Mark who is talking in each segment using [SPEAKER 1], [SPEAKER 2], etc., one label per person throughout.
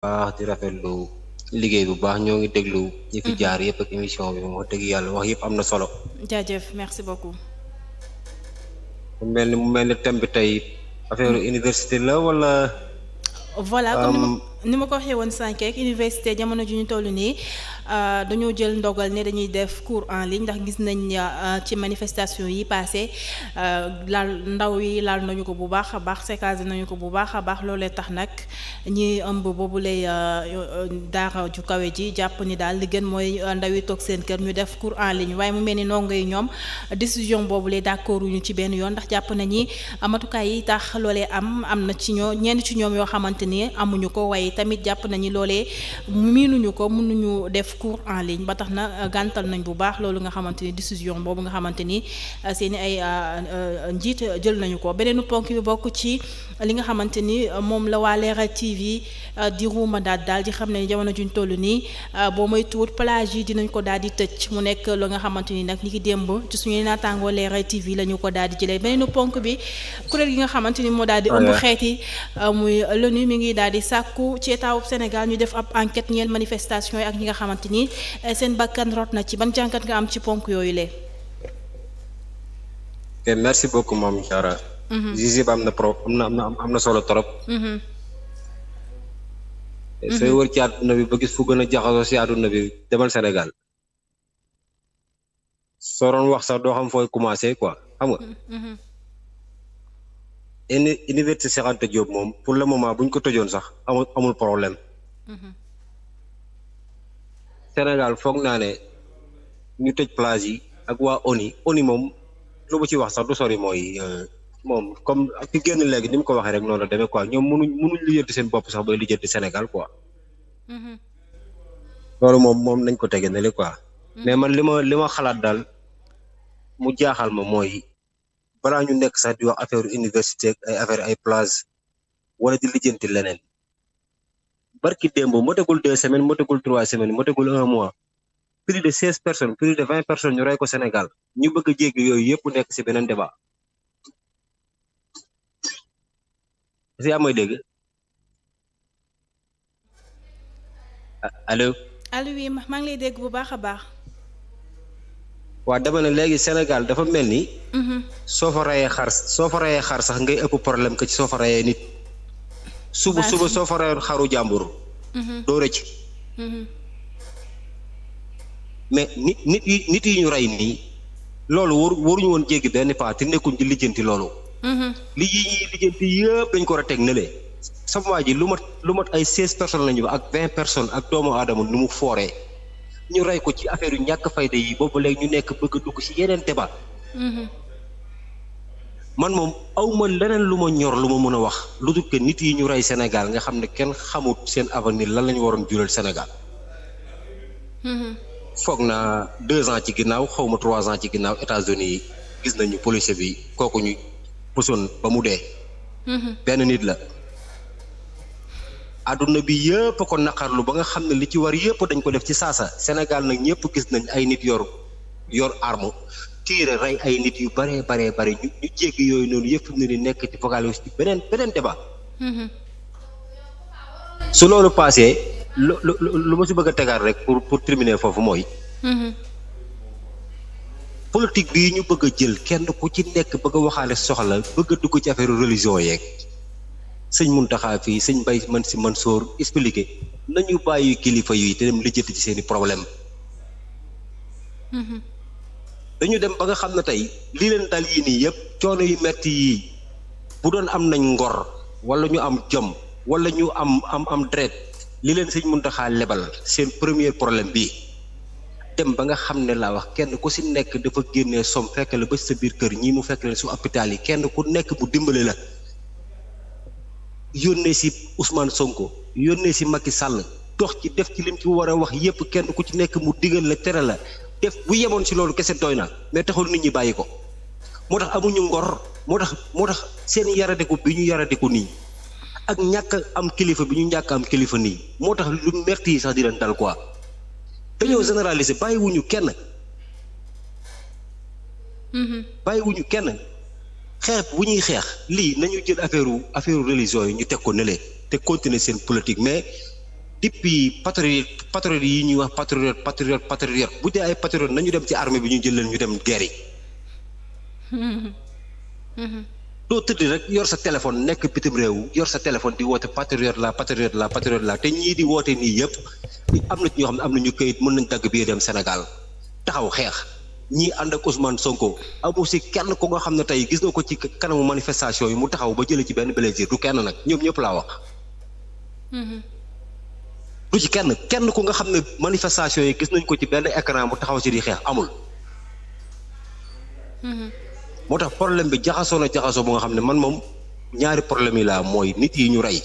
[SPEAKER 1] baax di rafetlu liggéey bu baax ñoo ngi déglu ñi fi mhm. jaar yëpp ak émission bi wax dëgg yàlla wax yëpp am na solo.
[SPEAKER 2] jaajëf merci beaucoup.
[SPEAKER 1] mu mel ni mu mel ni thème bi tey affaire mm. université la walla
[SPEAKER 2] voilà comme euh, ni ma ko waxee woon sànq rek université jamono ju ñu toll nii. Euh, dañoo jël ndogal ne dañuy def cours en ligne ndax gis nañ euh, ci manifestation yi passé euh, lal ndaw yi laal nañu ko bu baax a baax séquencé nañu ko bu baax a baax loolee tax nag ñi ëmb boobu lay daara ju kawe ji jàpp ni daal li gën mooy ndaw yi toog seen kër ñu def cours en ligne waaye mu mel ni ndongo yi ñoom décision boobu lay d'accord ñu ci benn yoon ndax jàpp nañi matukaay yi tax loole am am na ci ñoo ñenn ci ñoom yoo xamante ni amuñu ko waaye tamit jàpp nañu loolee miinuñu ko mënuñu def cours en ligne ba tax na euh, gàntal nañ bu baax loolu nga xamante ni décision boobu nga xamante ni euh, seen ay euh, njiit jël nañu ko beneenu ponk bi bokk ci li nga xamante ni moom la waa Leral TV di ruuma daat daal di xam ne jamono juñ toll nii boo may tuut plage yi dinañ ko daal di tëj mu nekk lu nga xamante ni nag ñi ngi démb ci suñuy la ñu ko daal di jëlee beneenu ponk bi kuréel gi ni moo daal di oh, ëmb xeeti muy lenu mi ngi daal di sàkku ci état wu Sénégal ñu def ab enquête ñeel manifestation ak ñi nga xamante xamante ni eh, seen bakkan rot na ci ban jàngat nga am ci ponk yooyu lee eh,
[SPEAKER 1] ok merci beaucoup maam Diarra. Mhm. zizi ba am na pro am na am solo trop. Mhm. Eh, sooy mhm. wër ci àdduna bi ba gis fu gën a jaxasoo si àdduna bi demal Sénégal. soo doon wax sax doo xam fooy commencé quoi xam université Cheikh Anta moom pour le moment bu ko tëjoon sax amul problème. Sénégal foog naa ne ñu tëj plage yi ak waa ONU ONU moom lu mu ci wax sax du sori mooy euh, moom comme ci génn léegi ni mu ko waxee rek noonu la demee quoi ñoom mënuñ mënuñ lu jënd seen bopp sax ba lu jënd Sénégal quoi. Mm-hmm. loolu moom moom nañ ko tege ne quoi. Mm-hmm. mais man li ma li ma xalaat daal mu jaaxal ma mooy balaa ñu nekk sax di wax affaire université ak ay affaire ay plage wala di lijjanti barki démb motagul deux semaines motagul trois semaines motagul un mois plus de seize personnes plus de vingt personnes ñu rey ko Sénégal ñu bëgg a jéggi yooyu yëpp nekk si beneen de si yaa mooy dégg allo
[SPEAKER 2] allo oui maa ngi lay dégg bu baax a baax
[SPEAKER 1] waa dama ne léegi Sénégal dafa mel ni mm-hmm. soo fa reyee xar soo fa reyee xar sax ngay ëpp problème que ci soo fa reyee nit suba suba soo faree xaru jàmbur. Mhm. doo rëcc. Mhm. mais nit nit yi nit yi ñu rey nii loolu waru waruñu woon jéggi benn paa te nekkuñ di lijjanti loolu. Mhm. li yi lijjanti yëpp dañ ko war a teg nële. sama waa ji lu mat lu mat ay seize personnes lañu ba ak vingt personnes ak doomu aadama nu mu fooree ñu rey ko ci affaire yu ñàkk fayda yi boobu léegi ñu nekk bëgg a dugg ci yeneen débat. man moom aw ma leneen lu ma ñor lu ma mën a wax lu dul que nit yi ñu rey Sénégal nga xam ne kenn xamut seen avenir lan la ñu waroon jural Sénégal. Mhm. foog naa deux ans ci ginnaaw xaw ma trois ans ci ginnaaw États-Unis yi gis nañu policier bi kooku ñu pësoon ba mu dee. Mhm. benn nit la. àdduna bi yëpp ko naqarlu ba nga xam ne li ci war yëpp dañ ko def ci saasa Sénégal nag ñëpp gis nañ ay nit yor yor tiire rey ay nit yu baree baree bare ñu ñu yooyu noonu yëpp fi mu ne ni nekk ci focaliser ci beneen beneen débat mm-hmm. su loolu paasee lu ma si bëgg a tegaat rek pour pour terminer foofu mooy mm-hmm. politique bii ñu bëgg a jël kenn ku ci nekk bëgg a waxaale soxla bëgg dugg ci affaire religion yeeg sëñ Muntaxa fii sëñ Mbay man si Mansoor expliqué nañu bàyyi kilifa yi te dem lijjati ci seeni problème mm-hmm. dañu dem ba nga xam ne tey lii leen dal yii nii yëpp coono yu metti yii bu doon am nañ ngor walla ñu am jom walla ñu am am am dret li leen sëñ Muntaxa lebal seen premier problème bii dem ba nga xam ne laa wax kenn ku si nekk dafa génnee som fekk la ba sa biir kër ñii mu fekk leen su hôpital yi kenn ku nekk bu dimbale la yónnee si Ousmane Sonko yónnee si Macky sàll dox ci def ci lim ci war a wax yépp kenn ku ci nekk mu digal la tere la def bu yemoon si loolu kese doy na mais taxul nit ñi bàyyi ko moo tax amuñu ngor moo tax moo tax seen yaradeku bi ñu yaradeku nii ak ñàkk am kilifa bi ñu ñàkk am kilifa nii moo tax lu metti yi sax di leen dal quoi dañoo généraliser bàyyiwuñu kenn. Mm-hmm. bàyyiwuñu kenn xeex bu ñuy xeex lii nañu jël affaire affaire religion yi ñu teg ko nële te continuer seen politique mais. depuis patriote patriote ñuy wax patriote patriote patriote bu dee ay patriote nañu dem ci armée bi ñu jël leen ñu dem guerre yi. tëdd rek yor sa téléphone nekk bitim réew yor sa téléphone di woote patriote la patriote la patriote la te ñii di woote nii yëpp am na ñoo xam ne am nañu këyit mën nañ dagg bii dem senegal taxaw xeex ñii ànd ak Ousmane Sonko amu si kenn ko nga xam ne tey gis nga ko ci kanamu manifestation yi mu taxaw ba jëlee ci benn blessure du kenn nag ñoom ñëpp laa wax. du ci kenn kenn ku nga xam ne manifestation yi gis nañ ko ci benn écran bu taxaw si di xeex amul. Mm-hmm. moo tax problème bi jaxasoo na jaxasoo bu nga xam ne man moom ñaari problème yi laa mooy nit yi ñu rey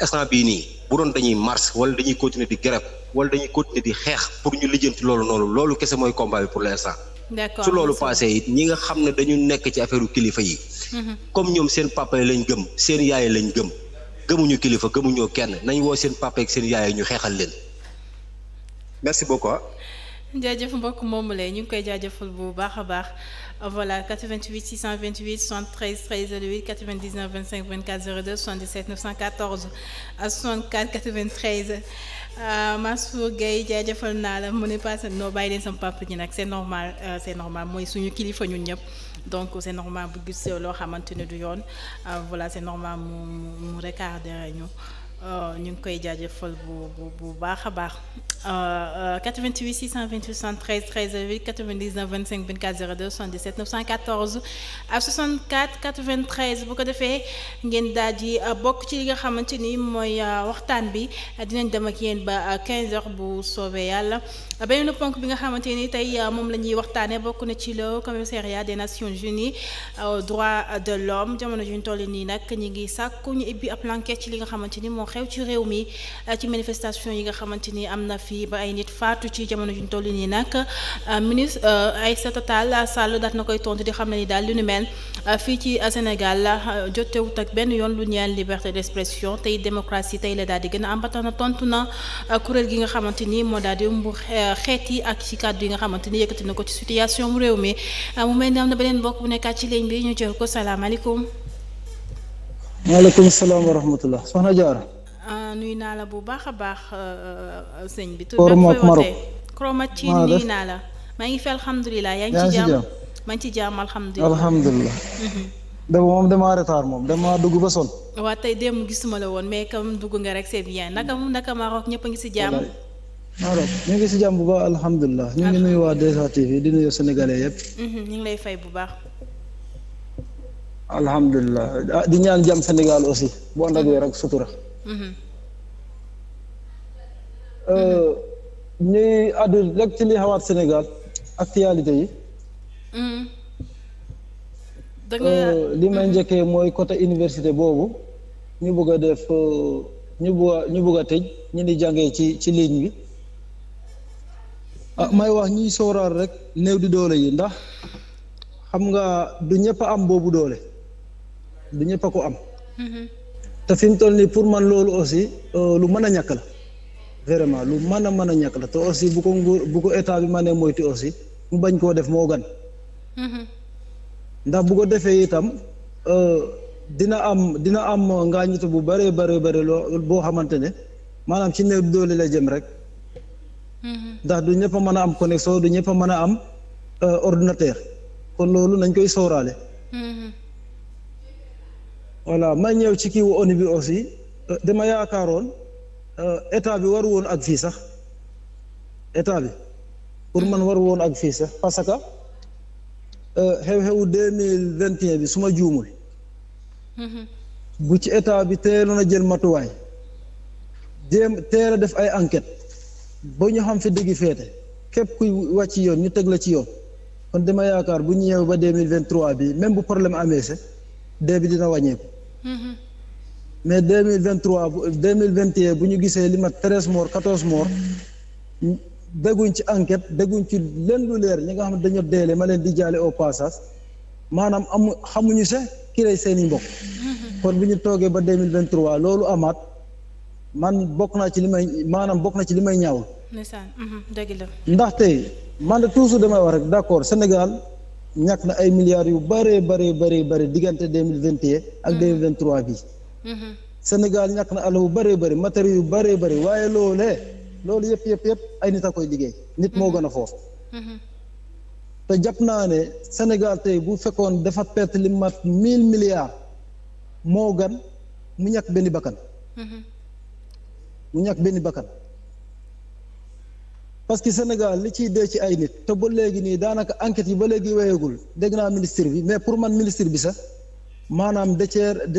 [SPEAKER 1] instant bii nii bu doon dañuy marche wala dañuy continuer di grève wala dañuy continuer di xeex pour ñu lijjanti loolu noonu loolu kese mooy combat bi pour l'instant.
[SPEAKER 2] d'accord su loolu
[SPEAKER 1] passé it ñi nga xam ne dañu nekk ci affaire kilifa yi. Mm-hmm. comme ñoom seen papa yi lañ gëm. gëmuñu kilifa gëmuñoo kenn nañ woo seen papa ak seen yaay ñu xeexal leen merci beaucoup. Ah.
[SPEAKER 2] jaajëf mbokk moom moomule ñu ngi koy jaajëfal bu baax a baax voilà 88 628 73 13 08 99 25 24 02 77 914 64 93 Massour Gueye jaajëfal naa la mu ne pas noo bàyyi leen sama papa ñi nag c'est normal euh, c'est normal mooy suñu kilifa ñun ñëpp. donc c'est normal mu gisee loo xamante ne du yoon euh, voilà c'est normal mu mu mu regarder ñu. Euh, ñu ngi koy jaajëfal bu bu bu baax a baax 88 628 73 13 99 25 24 02 77 914 à 64 93 bu ko defee ngeen daal di euh, bokk ci li nga xamante ni mooy euh, waxtaan bi dinañ dem ak yéen ba 15 heures bu soobee yàlla beneen ponk bi nga xamante ni tey moom la ñuy waxtaanee bokk na ci le commissariat des Nations Unies droit de l'homme jamono juñ toll nii nag ñu ngi sàkku ñu ibbi ab enquête li nga xamante ni moom. moo xew ci réew mi eh, ci manifestation yi nga xamante ni am na fii ba ay nit faatu ci jamono juñ toll nii nag eh, ministre eh, Aïssata Tall Sall daat na koy tontu di xam ne ni daal lu nu mel fii ci Sénégal jotewut ak benn yoon lu ñeel liberté d'expression tey démocratie tey la daal di gën a am na tontu na kuréel gi nga xamante ni moo daal di mbu xeet yi ak ci kàddu yi nga xamante ni yëkkati na ko ci situation mu réew mi mu mel ni am na beneen bokk bu nekkaat ci ligne bi ñu jël ko salaamaaleykum.
[SPEAKER 3] maaleykum salaam
[SPEAKER 2] Euh, nuyu naa la bu baax a baax euh, euh, sëñ bi. tur beeg fooy wootee Koromak ci nuyu naa la. maa ngi fi alhamdulilah yaa ngi ci jàmm maa ngi ci jàmm alhamdulilah
[SPEAKER 3] dama mhm. moom damaa retard moom damaa dugg ba sonn.
[SPEAKER 2] waa tey gisuma la woon mais comme dugg nga rek c'est bien naka naka Maroc ñëpp ngi si jàmm.
[SPEAKER 3] Maroc si jàmm bu baax alhamdulilah ñu ngi nuyu waa 2A TV di mhm, ñu
[SPEAKER 2] ngi lay fay bu baax.
[SPEAKER 3] alhamdulilah ah, di ñaan jàmm Sénégal aussi bu ànd ak sutura. Mm-hmm. Euh, ñuy àddu rek ci li xawaat Sénégal actualité yi mm-hmm. euh, li may mm-hmm. njëkkee mooy côté université boobu ñu bëgg a def euh, ñu bëgg ñu bëgg a tëj ñu di jàngee ci ci ligne bi ah, may wax ñuy sóoraal rek néew di doole yi ndax xam nga du ñëpp am boobu doole du ñëpp a ko am. te fi mu toll nii pour man loolu aussi euh, lu mën a ñàkk la vraiment lu mën a mën a ñàkk la te aussi bu ko nguur bu ko état bi mënee moytu aussi mu bañ koo def moo gan mm-hmm. ndax bu ko defee itam euh, dina am dina am ngaañitu bu bëree bëri bëri loo boo xamante ne maanaam ci néew doole la jëm rek mm-hmm. ndax du ñëpp mën a am connexion du ñëpp a mën a am euh, ordinateur kon loolu nañ koy sóoraale mm-hmm. voilà ma ñëw ci kii wu ONU aussi euh, dama yaakaaroon euh, état bi waru woon ak fii sax état bi pour man waru woon ak fii sax parce que euh, xew-xewu deux mille bi su ma juumul bu ci état bi teeloon a jël matuwaay jéem teel def ay enquête ba ñu xam fi dëgg féete képp kuy wàcc yoon ñu teg la ci yoon kon dama yaakaar bu ñu ñëw ba deux mille bi même bu problème amee sax dee bi dina wàññeeku mais deux mille vingt trois deux mille vingt et bu ñu gisee li mat treize morts quatorze morts dégguñ ci enquête dégguñ ci leen lu leer ñi nga xam ne dañoo deele ma leen di jaale au passage maanaam amu xamuñu sax ki rey seen i mbokk kon bu ñu toogee ba deux mille vingt loolu amaat man bokk naa ci li may maanaam bokk na ci li may ñaawul.
[SPEAKER 4] Mhm,
[SPEAKER 3] ndaxte man de toujours damay wax rek d'accord Sénégal. ñàkk na ay milliards yu bëree bëree bëri bëri diggante deux vingt ak deux mille bi Sénégal ñàkk na alal bu bëree bëri matériel yu bëree bëri waaye loolee loolu yëpp yëpp yëpp ay nit a koy liggéey nit moo gën a foofu te jàpp naa ne Sénégal tey bu fekkoon dafa perte li mat mille milliards moo gën mu ñàkk benn bakkan mu ñàkk benn bakkan parce que Sénégal li ciy dee ci ay nit te ba léegi nii daanaka enquêtes yi ba léegi wéyagul dégg naa ministre bi mais pour man ministre bi sax maanaam da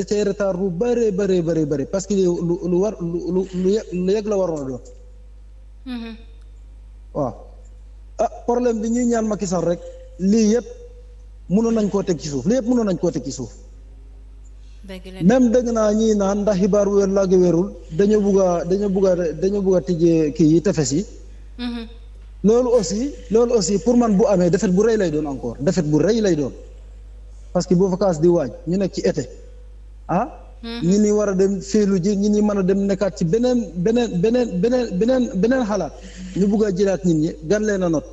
[SPEAKER 3] cee retard bu bëree bëree bëri bari parce que lu lu war lu lu lu yegg la waroon a doon. Mm-hmm. waaw ah problème bi ñuy ñaan Macky Sall rek lii yëpp mënoon nañ koo teg ci suuf lii yëpp mënoon nañ koo teg ci suuf. même dëgg naa ñii naan ndax xibaar wér laa gi wérul dañoo bugg a dañoo bugg dañoo bugg a tijjee kii yi tefes yi. loolu aussi loolu aussi pour man bu amee defet bu rey lay doon encore defet bu rëy lay doon parce que boo vacances di waañ ñu nekk ci été ah hmm. ñi ni war a dem féelu ji ñi ni mën a dem nekkaat ci beneen beneen beneen beneen beneen beneen xalaat ñu bugg a jëlaat nit ñi gan leen a not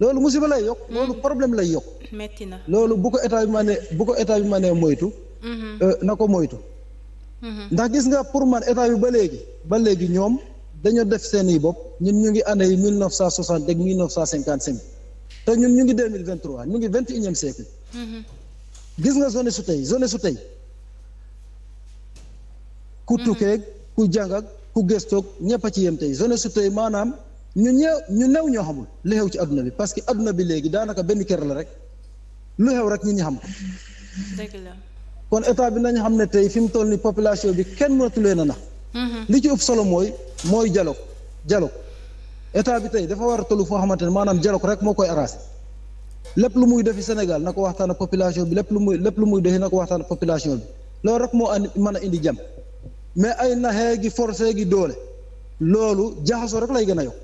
[SPEAKER 3] loolu musiba lay yokk hmm. loolu problème lay yokk metti na loolu bu ko état bi mënee bu ko état bi mënee moytu hmm. euh, na ko moytu ndax gis nga pour man état bi ba léegi ba léegi ñoom dañoo def seen i bopp ñun ñu ngi année yi mille neuf cent soixante ak mille neuf cent te ñun ñu ngi deux mille vingt trois ñu ngi vingt et unième siècle mm-hmm. gis nga zone su tey zone su tey ku tukkeeg ku jàng ku gëstoog ñëpp a ci yem tey zone su tey maanaam ñu ñëw ñu new ñoo xamul lu xew ci àdduna bi parce que adduna bi léegi daanaka benn kër la rek lu xew rek ñun ñu xam ko. dëgg la kon état bi nañu xam ne tey fi mu toll ni population bi kenn mënatu leen a na
[SPEAKER 4] mm-hmm.
[SPEAKER 3] li ci ëpp solo mooy mooy dialogue dialogue état bi tey dafa war a tollu foo xamante ne maanaam dialogue rek moo koy arrangé lépp lu muy defi Sénégal na ko waxtaan ak population bi lépp lu muy lépp lu muy defi na ko waxtaan ak population bi loolu rek moo andi indi jàmm mais ay naxee gi forcé gi doole loolu jaxasoo rek lay gën a yokk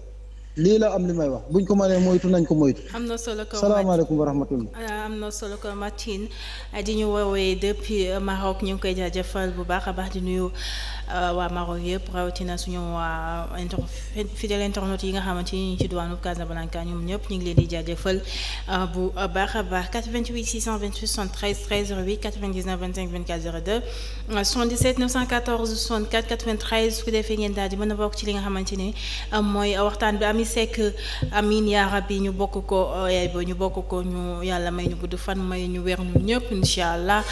[SPEAKER 3] lii la am li may wax buñ ko mënee moytu nañ ko moytu.
[SPEAKER 2] am na solo ko salaamaaleykum
[SPEAKER 3] wa rahmatullah. Ah,
[SPEAKER 2] am na solo ko Martine di ñu woowee depuis Maroc ñu ngi koy jaajëfal bu baax a baax di nuyu. Euh, waa Maroc yëpp rawatina suñu waa inter yi nga xamante ni ñu ci diwaanu Casablanca ñoom ñëpp ñu ngi leen di jaajëfal euh, bu baax a baax 88 628 73 13 08 99 25 24 02 77 914 64 93 su ko defee ngeen daal di mën a bokk ci li nga xamante ni euh, mooy waxtaan bi ami sekk amin yaa rabbi ñu bokk ko yaay bo ñu bokk ko ñu yàlla may ñu gudd fan may ñu weer ñu ñëpp incha allah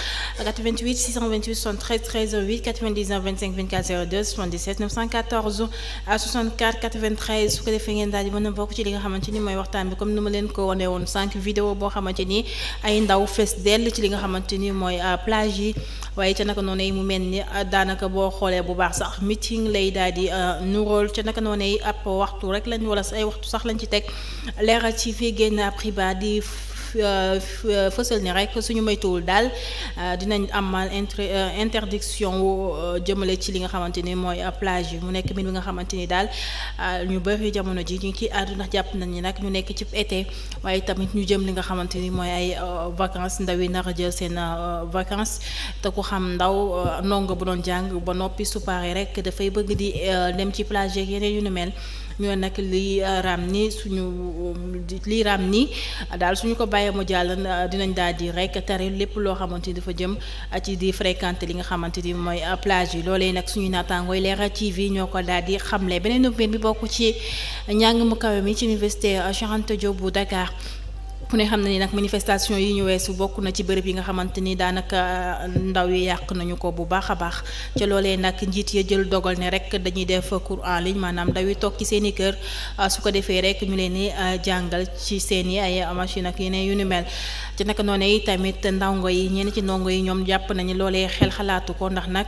[SPEAKER 2] 88 628 73 13 08 99 25 84 02 77 914 64 93 su ko defee ngeen daal di mën a bokk ci li nga xamante ni mooy waxtaan bi comme ni leen ko wane woon cinq vidéo boo xamante ni ay ndaw fees dell ci li nga xamante ni mooy euh, plage yi waaye ca naka noonu mu mel ni euh, daanaka boo xoolee bu baax sax meeting lay daal di euh, nuróol ca naka noonu ab waxtu rek lañ wala ay waxtu sax lañ ci teg Leral TV génn ab xibaar di. Euh, euh, fësal ni rek suñu moytuwul daal euh, dinañ am interdiction jëmale ci li nga xamante ni mooy plage yi mu nekk mbir bi nga xamante ni daal ñu bëri jamono ji ñu ngi ciy àdduna jàpp nañ ni nag ñu nekk ci été waaye tamit ñu jëm li nga xamante ni mooy ay vacances ndaw yi nar a jël seen vacances te ku xam ndaw ndongo bu doon jàng ba noppi su paree rek dafay bëgg di dem ci plage yeeg yeneen yu nu mel. ñoo nag li euh, raam ni suñu um, li raam nii daal suñu ko bàyyee mu jàll euh, dinañ daal di rek tari lépp loo xamante ni dafa jëm euh, ci di fréquenter li nga xamante ni mooy plage yi loolee nag suñu naataangooy Leral TV ñoo ko daal di xamle beneen mbir bi bokk ci njàng mu kawe mi ci université Cheikh Anta bu dakaar ku ne xam na ni nag manifestation yi ñu weesu bokk na ci bërëb yi nga xamante ni daanaka euh, ndaw yi yàq nañu ko bu baax a baax ca loolee nag njiit ya jël dogal ne rek dañuy def cours en ligne maanaam ndaw yi toog ci seen i kër euh, su ko defee rek ñu leen di euh, jàngal ci seen ay machine ak yeneen yu nu mel ci naka noonu tamit ndongo yi ñenn ci ndongo yi ñoom jàpp nañu loolee xel xalaatu ko ndax nag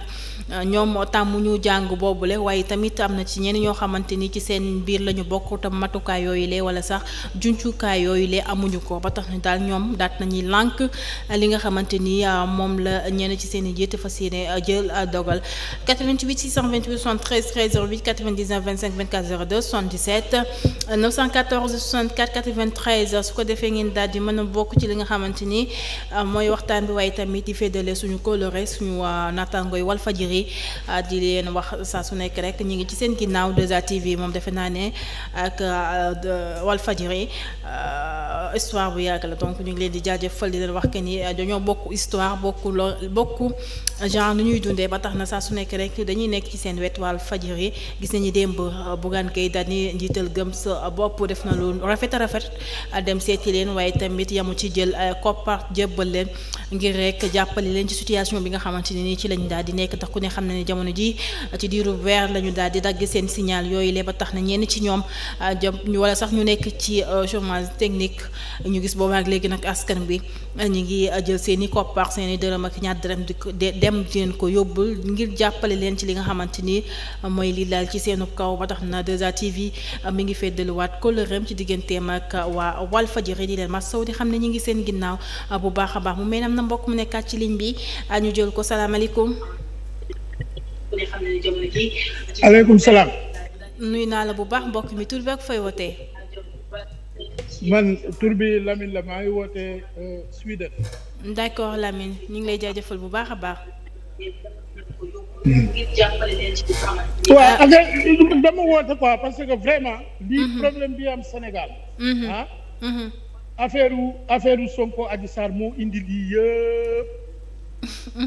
[SPEAKER 2] ñoom tàmmuñu jàng boobu le waaye tamit am na ci ñenn ñoo xamante ni ci seen biir la ñu bokk te matukaay ko ba tax na daal ñoom daat nañuy lànk li nga xamante ni euh, moom la ñenn ci seen i jiite fas yéene euh, jël euh, dogal 88 628 73 13 08 99 25 24 02 77 914 64 93 su ko defee ngeen daal di mën a bokk ci li nga xamante ni mooy waxtaan bi waaye tamit di féddale suñu coloré suñu naataangooy Walfadjri di leen wax saa su nekk rek ñu ngi ci seen ginnaaw 2A TV moom defe naa ne ak Walfadjri histoire histoire bu yàgg la donc ñu ngi leen di jaajëfal di leen wax que ni euh, dañoo bokk histoire bokk loo bokk genre nu ñuy dundee ba tax na saa su nekk rek dañuy nekk ci seen wet wàll fajiri gis nañu démb euh, Bougane Gueye Dany njiital gëm sa bopp def na lu rafet a rafet euh, dem seeti leen waaye tamit yamu ci jël koppar jébbal leen ngir rek jàppale leen ci situation bi nga xamante ne nii ci lañ daal di nekk tax ku ne xam na ne jamono ji ci diiru weer la ñu daal di dagg seen signal yooyu lee ba ñu gis boobaak léegi nag askan bi ñu ngi jël seeni i koppar seen i dërëm ak ñaar dërëm di ko dem di ko yóbbul ngir jàppale leen ci li nga xamante ni mooy li daal ci seenu kaw ba tax na 2STV mi ngi feddaluwaat kóllëreem ci digganteem ak waa Walfadjri di leen masaw di xam ne ñu ngi seen ginnaaw bu baax a baax mu mel na mbokk mu nekkaat ci ligne bi ñu jël ko salaamaaleykum.
[SPEAKER 5] aleykum salaam.
[SPEAKER 2] nuyu naa la bu baax mbokk mi tur beeg fay wootee.
[SPEAKER 5] man tur bi la maa ngi
[SPEAKER 2] wootee euh, Suède. d'accord Lamine ñu ngi lay jaajëfal bu baax a baax. waaw
[SPEAKER 4] hmm.
[SPEAKER 5] ak dama woote quoi parce que vraiment. lii mm-hmm. problème bi am Sénégal. Mm-hmm. ah. Mm-hmm. affaire u affaire u Sonko Adji Sarr moo indi lii yëpp.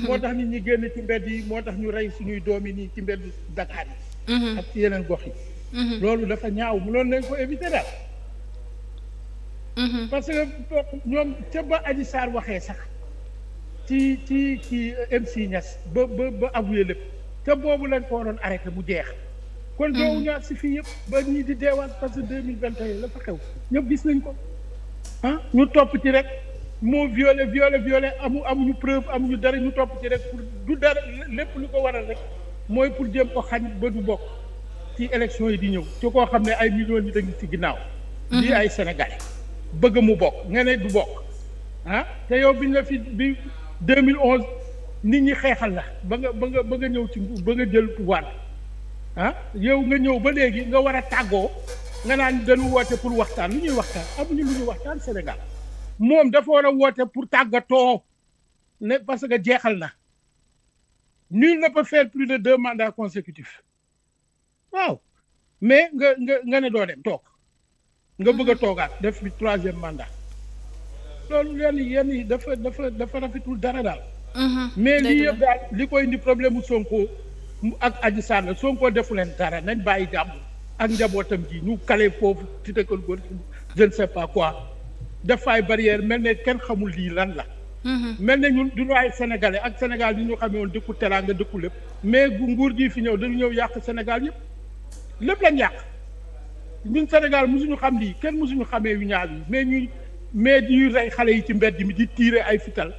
[SPEAKER 5] moo tax nit ñi génn ci mbedd yi moo tax ñu rey suñuy doom yi nii ci mbedd Dakar yi. ak ci yeneen gox yi. loolu dafa ñaaw mënoon nañ ko éviter daal. Mm-hmm. parce que ñoom ca ba Adji Sarr waxee sax ci ci ci MC Niass ba ba ba avoué lépp te boobu lañ ko waroon arrêté bu jeex. kon mm-hmm. doowu ñaar si fii yëpp ba ñii di deewaat parce que deux mille vingt et un la xew ñëpp gis nañ ko ah ñu topp ci rek moo violé violé violé amu amuñu preuve amuñu dara ñu topp ci rek pour du dara lépp lu ko waral rek mooy pour jéem ko xañ ba du bokk ci élection yi di ñëw ci koo xam ne ay millions a dañu ci ginnaaw. di mm-hmm. ay sénégalais. bëgg mu bokk nga ne du bokk ah te yow biñ la fi bi 2011 nit ñi xeexal na ba nga ba nga ba nga ñëw ci ba nga jël pouvoir ah yow nga ñëw ba léegi nga war a tàggoo nga naan dañu woote pour waxtaan lu ñuy waxtaan amuñu lu ñuy waxtaan Sénégal moom dafa war a woote pour tàggatoo ne parce que jeexal na nu ne peut faire plus de deux mandats consécutifs waaw mais nga nga nga ne doo dem toog. nga bëgg a toogaat def bi troisième mandat loolu yenn yenn yi dafa dafa dafa rafetul dara daal.
[SPEAKER 4] Mhm. mais lii yëpp
[SPEAKER 5] daal li ko indi problème mu Sonko ak Adji Sarr la Sonko defu leen dara nañ bàyyi jàmm ak njabootam ji ñu kale foofu ci tëkkal góor je ne sais pas quoi dafay barrière mel ne kenn xamul lii lan la. Mhm. mel ne ñun du ñu ay ak Sénégal yi ñu xamee woon dëkku teraanga dëkku lépp. mais bu nguur gii fi ñëw dañu ñëw yàq Sénégal yëpp lépp lañ yàq. ñun Sénégal mosuñu xam nii kenn mosuñu xamee yu ñaar yi mais ñuy mais di rey xale yi ci mbedd mi di tiire ay fital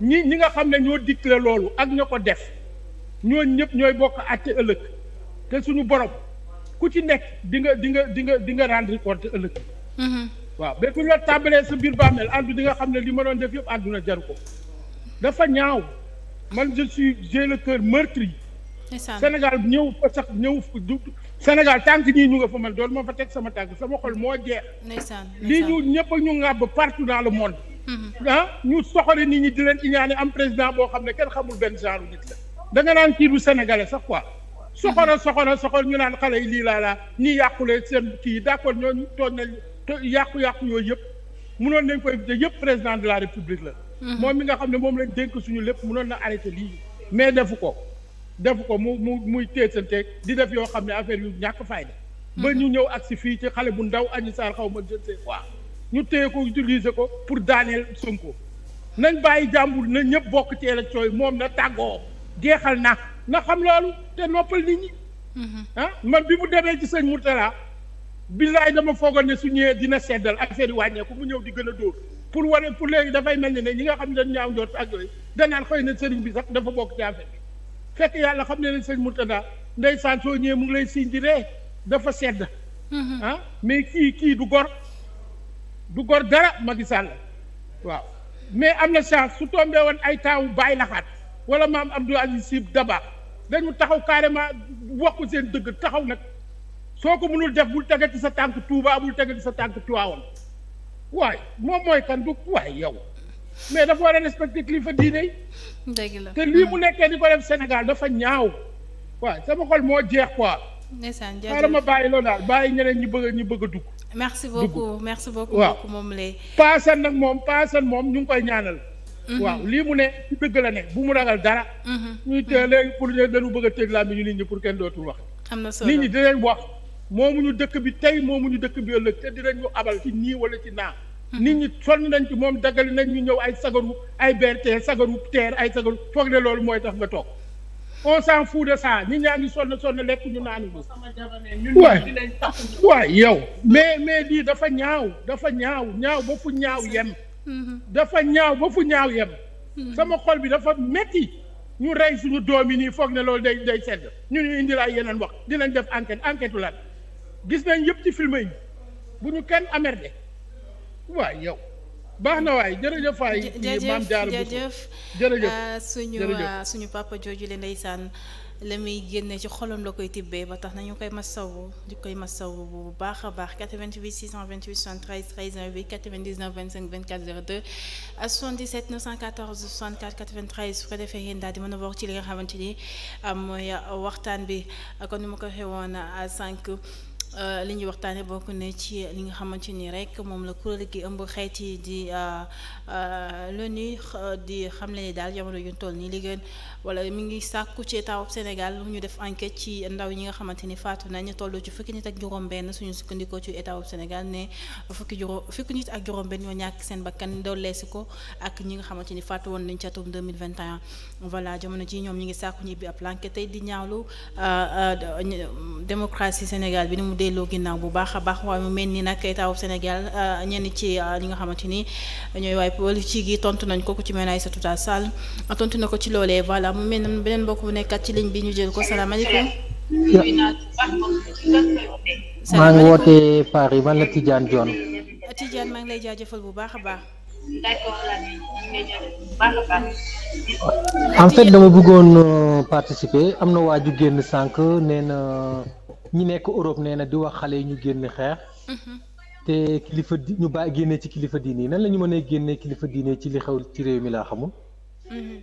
[SPEAKER 5] ñi ñi nga xam ne ñoo dicté loolu ak ñoo ko def ñooñu ñëpp ñooy bokk àtte ëllëg te suñu borom ku ci nekk di nga di nga di nga di nga rendre compte ëllëg. Mm-hmm. waaw ba ku la tàmbalee sa biir bàmmeel àddu di nga xam ne li ma doon def yëpp adduna jaru ko dafa ñaaw man je suis j'ai le cœur meurtri. Sénégal ñëw fa sax ñëw du Sénégal tànk nii ñu nga fa man doon moo fa teg sama tànk sama xol moo jeex. lii ñu ñëpp ñu ngàbb partout dans le monde. Mm-hmm. ah ñu soxore nit ñi di leen ci iñaane am président boo xam ne kenn xamul benn genre nit la. danga naan kii bu sénégalais sax quoi. Mm-hmm. soxora soxora soxor ñu naan xale yi lii laa laa ñii yàqule seen kii d'accord ñoo toog nañ yàqu-yàqu yooyu yëpp munoon nañ ko éviter yëpp président de la république la. Mm-hmm. moom mi nga xam ne moom la dénk suñu lépp munoon na arrêté lii mais defu ko. def ko mu mu muy téesanteeg di def yoo xam ne affaire yu ñàkk fayda ba mhm. ñu ñëw ak si fii ci xale bu ndaw añu saar xaw ma je ne sais ñu téye ko utiliser ko pour daaneel Sonko nañ bàyyi jàmbur na ñëpp bokk ci élection yi moom na tàggoo geexal na na xam loolu te noppal nit ñi mhm. ah man bi mu demee ci sëñ Mourtala billaay dama foogoon ne su ñëwee dina seddal affaire yi wàññeeku mu ñëw di gën a dóor pour wane pour léegi dafay mel ni ne ñi nga xam ne ñaaw njort ak yooyu danaan xëy na sëriñ bi sax dafa bokk ci affaire fekk yàlla xam ne leen sëñ Murtada ndeysaan soo ñëwee mu ngi lay siñ di ree dafa sedd mm-hmm. ah mais kii kii du gor du gor dara Macky Sall waaw mais am na chance su tombé woon ay taawu bàyyi laxaat wala maam Abdou Aziz Sy Dabakh dañu taxaw carrément wax ko seen dëgg taxaw nag soo ko mënul def bul tegati sa tànk Touba bul tegati sa tànk Tivaouane waaye moom mooy kan du waaye yow mais dafa war a respecter kilifa diine yi. dëgg la te lii mu nekkee di ko def Sénégal dafa ñaaw. waaw sama xol moo jeex quoi.
[SPEAKER 2] ndeysaan jaajëf xaaral ma bàyyi
[SPEAKER 5] loolu daal bàyyi ñeneen ñi bëgg ñi bëgg a dugg.
[SPEAKER 2] merci beaucoup merci beaucoup. waaw moom lay.
[SPEAKER 5] paasan nag moom paasan moom ñu ngi koy ñaanal. Mhm. waaw lii mu ne ci dëgg la ne bu mu ragal dara.
[SPEAKER 4] Mhm. ñuy teel mhm.
[SPEAKER 5] léegi pour ñu dañu bëgg a tëj laa ñu nit ñi pour kenn dootul wax.
[SPEAKER 4] am na solo nit ñi dinañ
[SPEAKER 5] wax moomuñu dëkk bi tey moomuñu dëkk bi ëllëg te dinañu abal ci nii wala ci naa Mm-hmm. nit ñi sonn nañ ci moom daggali nañ ñu ñëw ay sagaru ay BRT sagaru teer ay sagaru foog ne loolu mooy tax nga toog on s'en fout saa ça nit ñaa ngi sonn sonn lekk ñu naan ko. waay waaye yow. mais mais lii dafa ñaaw dafa ñaaw ñaaw ba fu ñaaw yem. Mm-hmm. dafa ñaaw ba fu ñaaw yem. Mm-hmm. sama xol bi dafa metti ñu rey suñu doom yi nii foog ne loolu day day sedd ñu ñu indil ay yeneen wax dinañ def enquête enquête lan gis nañ yëpp ci film yi bu ñu kenn amerde waay yow baax na
[SPEAKER 2] waay jërëjëf waay
[SPEAKER 5] maam jaar jërëjëf jërëjëf ah, suñu ah,
[SPEAKER 2] suñu papa jooju le ndeysaan la muy génne ci xolam la koy tibbee ba tax nañu koy masawu di koy masawu bu baax a baax 88 628 73 13 08 99 25 24 02 77 914 64 93 su ko defee ngeen daal di mën a bokk ci li nga xamante ni ah, mooy waxtaan bi kon ni ma ko waxee woon sànq. Euh, li ñuy waxtaane bokk na ci li nga xamante ni rek moom la kuréel gi ëmb xeet yi di euh, euh, l'ONU di xam ni daal jamono yu toll nii li gën wala mi ngi sàkku ci état wu Sénégal ñu def enquête ci ndaw ñi nga xamante ni faatu nañ toll ci fukki nit ak juróom-benn suñu sukkandikoo ci état wu Sénégal ne fukki juróom fukki nit ak juróom-benn ñoo ñàkk seen bakkan dolleesi ko ak nga xamante ni faatu woon nañ ci atum 2021 voilà jamono ji ñoom ñi ngi sàkku ñu bi ab enquête tey di ñaawlu euh, euh, démocratie Sénégal bi ni mu delloo ginnaaw bu baax a baax waaye mu mel ni nag état wu Sénégal euh, ñenn ci ñi nga xamante ni ñooy waaye politique yi tontu nañ ko ku ci mel ne Aïssata Tall Sall tontu na ko ci loolee voilà mu mel ne beneen mbokk bu nekkat ci ligne bi ñu jël ko salaamaaleykum.
[SPEAKER 6] maa ngi wootee Paris man la Tidiane Dione.
[SPEAKER 2] Tidiane maa ngi lay jëfal
[SPEAKER 4] bu baax a baax.
[SPEAKER 6] en fait dama bëggoon euh, participer am na waa ju génn sànq nee na ñi nekk Europe nee na di wax xale yi ñu génn xeex. Mhm. te kilifa di ñu baax génne ci kilifa diine yi nan la ñu mënee génne kilifa diine ci li xew ci réew mi laa xamul. Mhm.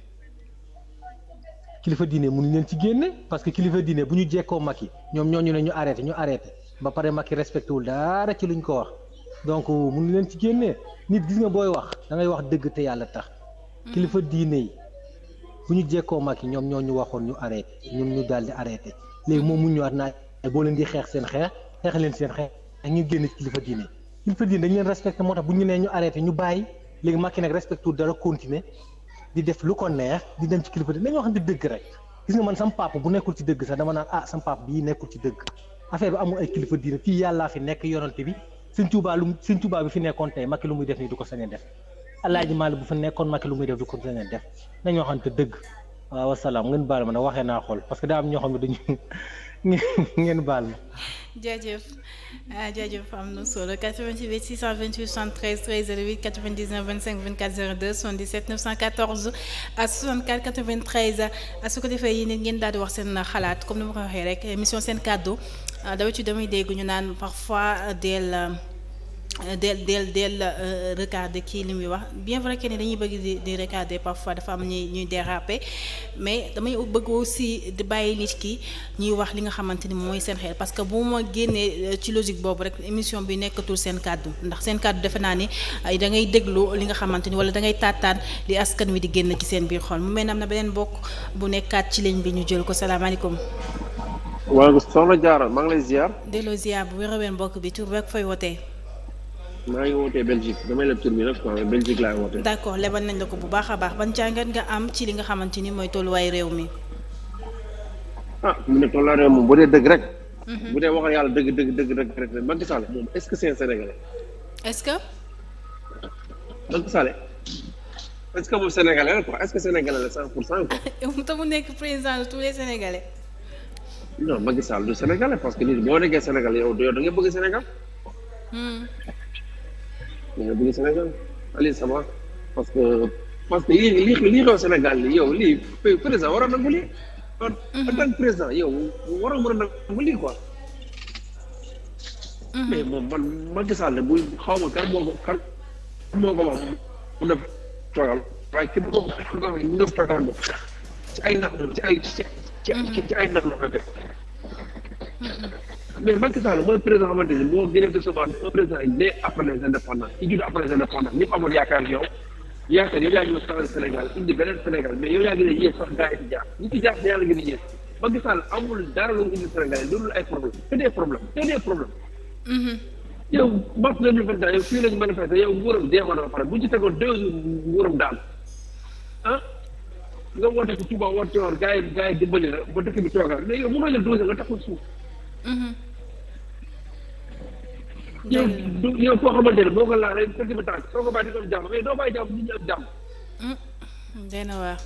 [SPEAKER 6] kilifa diine mënuñ leen ci génne parce que kilifa diine bu ñu jekkoo Macky ñoom ñooñu ne ñu arrêté ñu arrêté ba pare Macky respecté wul dara ci ñu ko wax donc euh, mënuñ leen ci génne nit gis nga booy wax dangay wax dëgg te yàlla tax mm. kilifa diine yi bu ñu jekkoo mag yi ñoom ñoo ñu waxoon ñu arrêté ñoom ñu daal di arrêté léegi moom mu ñëwaat naa boo leen di xeex seen xeex xeex leen seen xeex ak ñu génn ci kilifa diine kilifa diine dañ leen respecté moo tax bu ñu nee ñu arrêté ñu bàyyi léegi Macky nag respecté wul dara continuer di def lu ko neex di dem ci kilifa di nañu wax dëgg rek gis nga man sam papa bu nekkul ci dëgg sax dama naan ah sam bii nekkul ci dëgg affaire bi amul ay kilifa diine fii yàllaa fi nekk yonante bi Sëñ Tuubaa lu Sëñ Tuubaa bi fi nekkoon tey Macky lu muy def nii du ko sañ a def Alaaji bu fi nekkoon Macky lu muy def du ko sañ a def nañu waxante dëgg waaw wasalaam ngeen baal ma nag waxe naa xool parce que daa am ñoo xam ne dañu ngeen baal ma
[SPEAKER 2] jërëjëf ah jërëjëf am na solo 88 628 73 13 08 99 25 24 02 77 914 à 64 93 ah, su ko defee yi nit ngeen daal di wax seen xalaat comme ni ma ko waxee rek émission seen kàddu ah, d'habitude damay dégg ñu naan parfois euh, del euh, Euh, del del del euh, regarder kii li muy wax bien vrai que ni dañuy bëgg di di regarder parfois dafa am ñuy ñuy déraper mais damay bëgg aussi di bàyyi nit ki ñuy wax li nga xamante ni mooy seen xel parce que bu ma génnee euh, ci logique boobu rek émission bi nekkatul seen kàddu ndax seen kàddu defe naa ni da ngay déglu li nga xamante ni wala da ngay taataan li askan wi di génn ci seen biir xol mu mel ne na beneen bokk bu nekkaat ci ligne bi ñu jël ko salaamaaleykum.
[SPEAKER 7] waaw soxna
[SPEAKER 2] bi tur beeg fooy
[SPEAKER 7] maa ngi wootee Belgique damay leb tur bi nag quoi Belgique laay wootee.
[SPEAKER 2] d' lebal nañ la ko bu baax a baax ban jàngat nga am ci li nga xamante ni mooy
[SPEAKER 7] tolluwaay réew mi. ah mu ne tolluwaay réew moom bu dee dëgg rek. Mhm. bu dee wax yàlla dëgg dëgg dëgg rek rek Macky Sall moom est ce que c' est un Sénégalais. est ce que. Macky Sall est ce que moom Sénégalais la quoi est ce que Sénégalais la cent pour cent quoi.
[SPEAKER 2] te mu nekk président de tous les Sénégalais.
[SPEAKER 7] non Macky Sall du Sénégalais parce que nit boo nekkee da nga bëgg mais nga bëgg Sénégal Aliou Saba parce que parce que lii lii lii xew Sénégal li yow lii président war a nangu lii en tant que président yow war a mën a nangu lii quoi mais moom man Macky Sall bu xaw ma kan moo ko kan moo ko wax mu def toogal waaye ki ko mu def toogal ci ay nax ci ay ci ay nax la ko def mais Macky Sall mooy président xamante ne moo gën a décevoir un président yi né après les indépendances ci judd après les indépendances ñëpp amoon yaakaar yow yaakaar yow yaa ngi woon Sénégal indi beneen Sénégal mais yow yaa gën a yées sax gars yi ci jaar ñi ci jaar ne yàlla gën a yées Macky Sall amul dara lu mu indi Sénégal yi loolu ay problème c'est des problèmes c'est des problèmes mm-hmm. yow mars deux mille vingt et un yow fii lañu manifesté yow nguuram deexoon ba pare bu ci tegoon deux jours nguuram daal ah nga woote ko Touba woote woon gars yi gars yi dimbali la ba dëkk bi toogal mais yow mënoo jël douze nga taxul suuf yow yow koo xamante ne boo ko laalee fekk ba tànk soo ko bàyyi doon jàmm mais doo bàyyi jàmm nit ñi am jàmm. dëgg la waaw.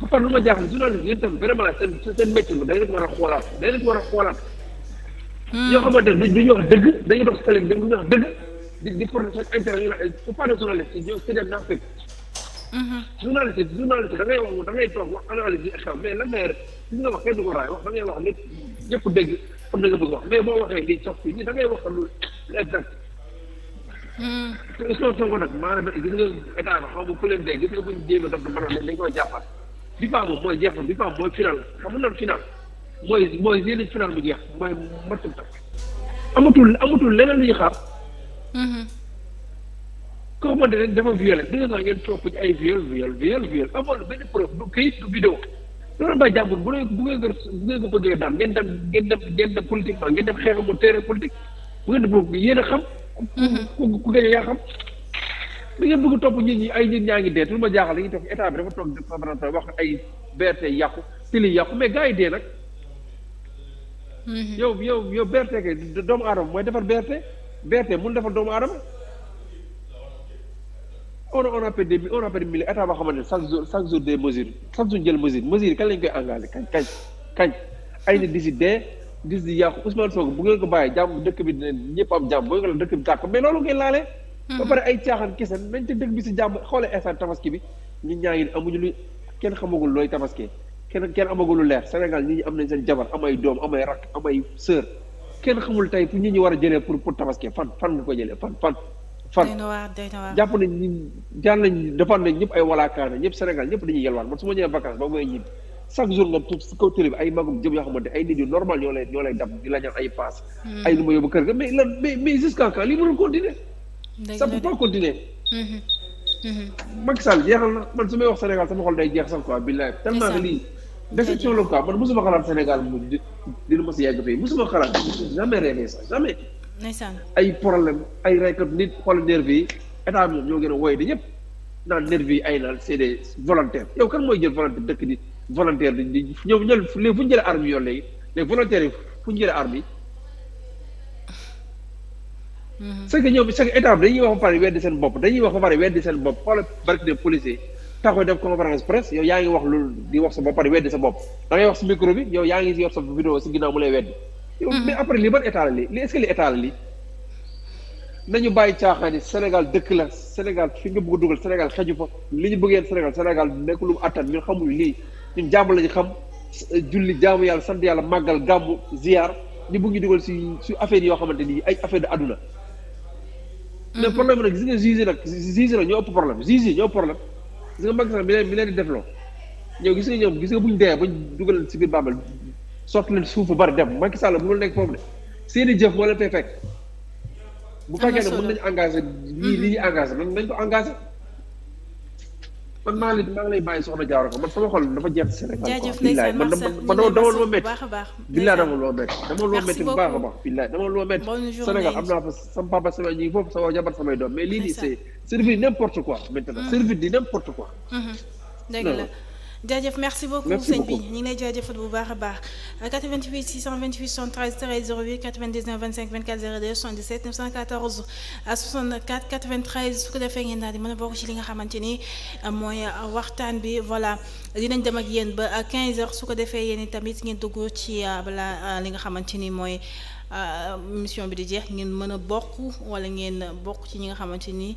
[SPEAKER 7] ba pare lu ma jaaxle si loolu yéen itam vraiment seen seen métier bi da ngeen war a xoolaat da ngeen war a xoolaat. Mm. yoo xamante ne dañuy wax dëgg dañuy dox sële bi dañuy wax dëgg di di protéger seen intérêt eh, ñu ne faut pas de journaliste yi ñoom c'est des naafeq. Mm-hmm. journaliste journaliste da ngay wax da ngay toog wax analyse yi mais lan ngay def li nga wax kenn du ko raay ñëpp dégg xam na nga bëgg wax mais boo waxee lii sax fii nii da ngay wax lu exact.
[SPEAKER 4] Hmm. te Ousmane
[SPEAKER 7] Sonko nag maanaam gis nga état bi xaw ma ku leen dee gis nga buñ jéem a def ba pare dañ koy jàppaat bi baax moom mooy jeexam bi baax mooy final xam nga final mooy mooy yéen final bu jeex mooy matum tak amatul amatul leneen lu ñuy xaar. Hmm. koo xamante ne dafa violé dégg nga ngeen topp ay viol viol viol du kayit loolu bay jàmbur bu bu ngeen ko bu ngeen ko bëggee daan ngeen dem ngeen dem ngeen dem politique ngeen dem xeex mu terrain politique bu ngeen def yéen a xam. Mhm. ku ku gañ yaa xam. bi ngeen bëgg topp nit ñi ay nit ñaa ngi dee te lu ma jaaxal dañuy toog état bi dafa toog dafa wax ay BRT yàqu tili yàqu mais gars yi dee nag. Mhm. yow yow yow BRT kay doomu aadama mooy defar BRT BRT mun defar doomu aadama. on on appelle des on appelle mille état boo xamante ne chaque jour chaque jour des mesures chaque jour jël mesure mesure kañ lañ koy engagé kañ kañ ay nit di si dee di si yàqu Ousmane ko bàyyee jàmm dëkk bi dina ñëpp am jàmm boo ngeen ko dëkk bi tàkk mais loolu ngeen laalee. Hmm. ba pare ay caaxaan kese nañ te dëkk bi si jàmm xoolee instant tabaski bi ñu ñaa ngi amuñu lu kenn xamagul looy tabaski kenn kenn amagul lu leer Sénégal nit ñi am nañ seen jabar amay doom amay rakk amay sœur kenn xamul tey fu ñu ñu war a jëlee pour pour tabaski fan fan nga ko jëlee fan fan
[SPEAKER 2] fan jàpp
[SPEAKER 7] nañ ni jaar nañ defar nañ ñëpp ay walaakaane ñëpp Sénégal ñëpp dañuy yelwaan man su ma ñëwee vacance ba mooy ñibbi chaque jour nga tuub si kaw télé bi ay magum jëm yoo xamante ay nit yu normal ñoo la ñaan hmm. ma yóbbu kër ga mais lan mais mais lii mënul continuer ça peut hmm, hmm, jeexal na man su may wax Sénégal sama xol day jeex sax quoi billaay tellement que lii déception la ma si yàgg fii mosuma xalaat jamais rêvé ça jamais ay problème ay raykat nit xool nervi yi état bi moom ñoo gën a woy di ñëpp naan nervi yi ay naan c'est mooy jël volontaire dëkk di volontaire di ñëw fu ñu jëlee armes yoon léegi léegi yi fu ñu mm-hmm. bi dañuy wax ba pare weddi wax ba pare weddi seen bopp xoolal sa bopp pare wax si micro bi yaa ngi yor sa vidéo si ginnaaw mu lay weddi mais après lii ban état la lii lii est-ce que lii état la lii nañu bàyyi caaxaan Sénégal dëkk la Sénégal fi nga bëgg dugal Sénégal xeju fa li ñu bëggeen Sénégal Sénégal nekk lu mu attan ñun xamuñu lii ñu jàmm lañu xam julli jaamu yàlla sant yàlla màggal gàmmu ziar ñu bugg ñu dugal si su affaire yoo xamante ni ay affaire de àdduna mais problème bi nag gis nga juge nag juge nag ñoo ëpp problème juge yi ëpp problème gis nga Macky Sall mi leen mi leen di defloo ñoom gis nga ñoom gis nga buñ dee bañ dugaleen si biir bàmmeel sotti leen suuf bu bari dem Macky Sall mënul nekk foofu de seeni jëf moo leen fay fekk. bu fekkee ne mën nañu engagé lii mm-hmm. li ñuy man nañ ko engagé. man maa ngi maa ngi lay bàyyi soxna Diawara ko man sama xol dafa jeex Sénégal. jaajëf ndeysaan Marcel ñu ngi lay baax a baax billaay dama loo métti. dama loo métti bu a baax billaay dama loo métti. Sénégal am naa fa sama papa sama ñi foofu sama jabar samay doom mais lii nii c'est servir n'importe quoi maintenant. Mm-hmm. servir di n'importe quoi.
[SPEAKER 2] Mm-hmm. la jaajëf merci beaucoup sëñ bi ñu lay jaajëfal bu baax a baax 88 628 73 13 08 99 25 24 02 77 914 64 93 su ko defee ngeen daal di mën a bokk ci li nga xamante euh, euh, waxtaan bi voilà dinañ dem ak yéen ba 15 euh, heures su ko defee yéen tamit ngeen dugg ci balaa li nga xamante ni mooy mission bi di jeex ngeen mën a bokk wala ngeen bokk ci ñi nga xamante ni.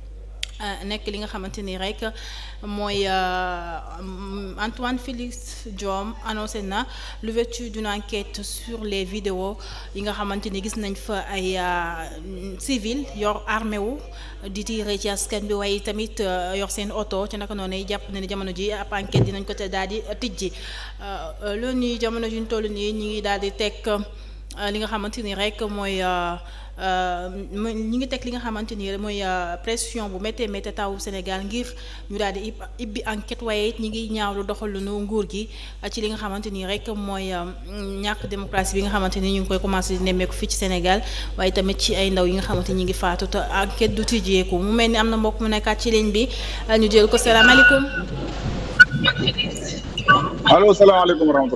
[SPEAKER 2] Euh, nekk li nga xamante ni rek mooy euh, Antoine Félix Diome annoncé na l'ouverture d'une enquête sur les vidéos yi nga xamante ni gis nañ fa ay euh, civil yor armé wu di tiire ci askan bi waaye tamit yor seen oto ci naka noonu jàpp na ni jamono ji ab enquête dinañ ko te daal di tijji loolu nii jamono ji ñu toll nii ñu ngi daal di teg li nga xamante ni rek mooy. Euh, ñu ngi teg li nga xamante ni mooy euh, pression bu méttee méttee tawu Sénégal ngir ñu daal di ibbi enquête waaye it ñi ngi ñaawlu doxalinu nguur gi euh, ci li nga xamante ni rek mooy ñàkk démocratie bi nga xamante ni ñu ngi koy commencé nemmeeku fii ci Sénégal waaye tamit ci ay ndaw yi nga xamante ni ñu ngi faatu te enquête du tijjeeku mu mel ni am na mbokk mu nekkaat ci ligne bi ñu jël ko salaamaaleykum.
[SPEAKER 8] allo salaamaaleykum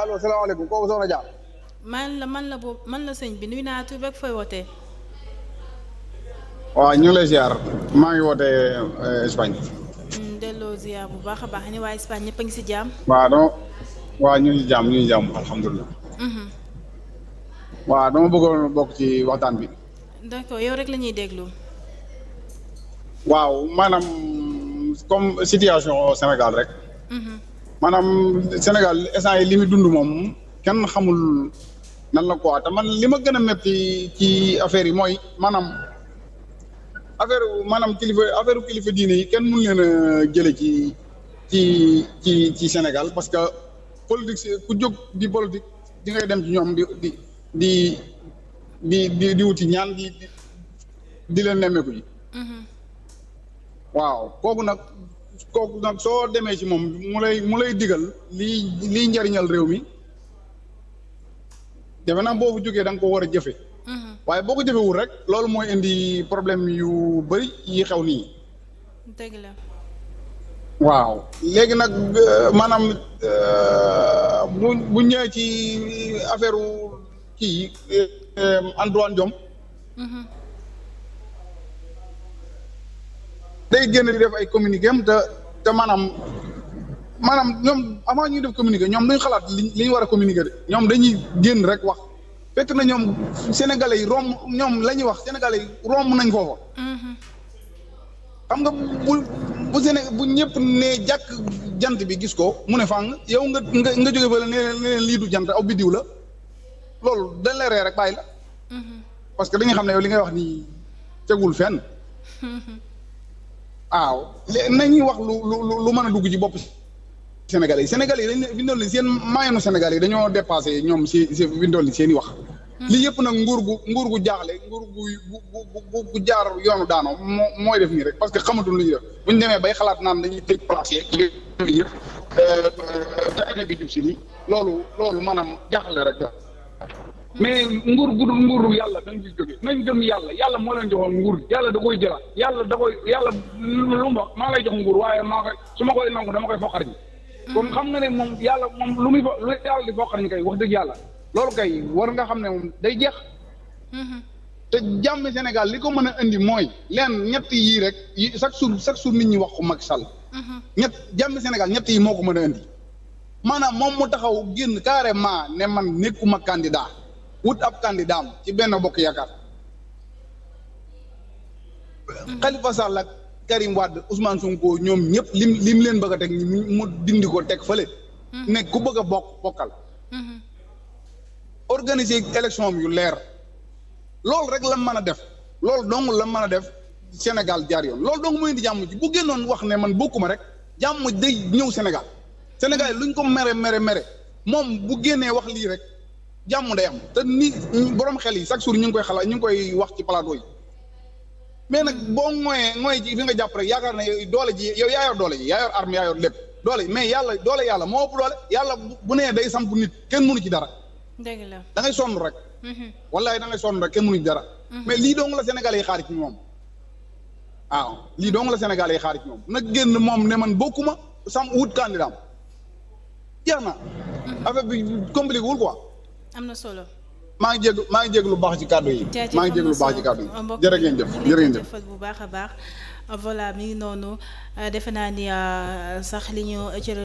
[SPEAKER 8] allo salaamaaleykum kooku
[SPEAKER 7] soxna Dia.
[SPEAKER 2] man la man la boobu man la sëñ bi nuyu naa tur beeg fooy wootee.
[SPEAKER 8] waaw ñu ngi lay maa ngi wootee euh, Espagne.
[SPEAKER 2] Mm, delloo ziar bu baax a baax ñu waa Espagne ñëpp a ngi si jàmm.
[SPEAKER 8] waaw non waaw ñu ngi jàmm alhamdulilah. Mm-hmm. waaw dama bëggoon bokk ci waxtaan bi.
[SPEAKER 2] d'accord yow rek lañuy ñuy déglu.
[SPEAKER 8] waaw maanaam comme situation au Sénégal rek. Mm-hmm. maanaam Sénégal instant yi li muy dund moom kenn xamul nan la quoi man li ma gën a métti ci affaire yi mooy maanaam affaire maanaam kilifa affaire kilifa diine yi kenn mu leen a jële ci ci ci ci Sénégal parce que politique ku jóg di politique di ngay dem ci ñoom di di di di di di wuti ñaan di di leen nemmeeku ji mm-hmm. waaw kooku nag kooku nag soo demee ci moom mu lay mu lay diggal lii lii njariñal réew mi defe naa boo fa jógee danga ko war a jëfe mhm. waaye boo ko jëfewul rek loolu mooy indi problème yu bari yi xew nii dëgg waaw léegi nag euh, maanaam euh, bu bu ñëwee ci affaire kii euh, Antoine Diome mhm. day génn di def ay communiqué am te te maanaam maanaam ñoom avant ñuy def communiqué ñoom duñ xalaat li li ñu war a communiqué de ñoom dañuy génn rek wax fekk na ñoom sénégalais yi romb ñoom la ñuy wax sénégalais yi romb nañ foofa. Mm-hmm. xam nga bu bu Séné bu ñëpp ne jàkk jant bi gis ko mu ne fàng yow nga nga nga jóge fa ne leen lii du jant aw biddiw la loolu dañ rek bàyyi la. Mm-hmm. parce que dañuy xam ne yow li ngay wax nii tegul fenn. Mm-hmm. waaw léegi nañuy wax lu lu lu mën a dugg ci bopp Sénégalais yi Sénégalais yi dañ windool seen maayanu Sénégalais yi dañoo dépassé ñoom si si li yi seen i wax. Hmm. li yëpp nag nguur gu nguur gu jaaxle nguur gu gu gu jaar yoonu daanoo moo mooy def nii rek parce que xamatu lu ñuy bu ñu demee bay xalaat naan dañuy tëj place yeeg yëpp euh, euh, te bi jub si nii loolu loolu maanaam jaaxle rek mais nguur gudd nguur yàlla dañ ci jógee nañ gëm yàlla yàlla moo leen joxoon nguur yàlla da koy jëlaat yàlla da koy yàlla lu ma maa lay jox nguur waaye maa koy su ma koy nangu dama koy foqar ñi mm. kon xam nga ne moom yàlla moom lu muy fa lu yàlla di foqar ñi kay wax dëgg yàlla loolu kay war nga xam ne moom day jeex mm-hmm. te jàmm Sénégal li ko mën a indi mooy leen ñett yii rek yi chaque jour chaque jour nit wax ko Macky Sall mm-hmm. ñett jàmm Sénégal ñett yi moo ko mën a maanaam moom mu taxaw génn carrément ne man nekkuma candidat wut ab candidat daam ci benn bokk yaakaar Khalifa Sall ak Karim Wade Ousmane Sonko ñoom ñëpp lim lim leen bëgg a teg mu dindi ko teg fële. Hmm. ne ku bëgg a bokk bokkal. Hmm. organise élection yu leer loolu rek la mën a def loolu dong la mën a def Sénégal jaar yoon loolu dong mooy indi jàmm ji bu génnoon wax ne man bokkuma rek jàmm day ñëw Sénégal Sénégal luñ ko mere mere mere moom bu génnee wax lii rek. jàmm day am te ni boroom xel yi chaque jour ñu ngi koy xalaat ñu ngi koy wax ci plateau mais nag boo mooyee mooy ji fi nga jàpp rek yaakaar na doole ji yow doole ji yaa arme yaa lépp doole mais yàlla doole yàlla moo ëpp doole yàlla bu nee day samp nit kenn mënu ci dara.
[SPEAKER 2] dëgg la da ngay sonn rek. Mhm.
[SPEAKER 8] wallaay da ngay sonn rek kenn mënu ci dara. Mhm. mais lii dong la Sénégal yi xaar ci moom lii dong la Sénégal yi xaar ci moom nag génn moom ne man bokkuma sam wut candidat am jeex na mhm. affaire bi compliqué wul quoi. am na solo. maa ngi jég maa ngi jég lu baax ci kàddu yi. maa ngi jég lu baax ci kàddu yi jërë ngeen jëf jërë ngeen jëf
[SPEAKER 2] bu baax a baax voilà mi ngi noonu defe naa ni euh, sax li ñu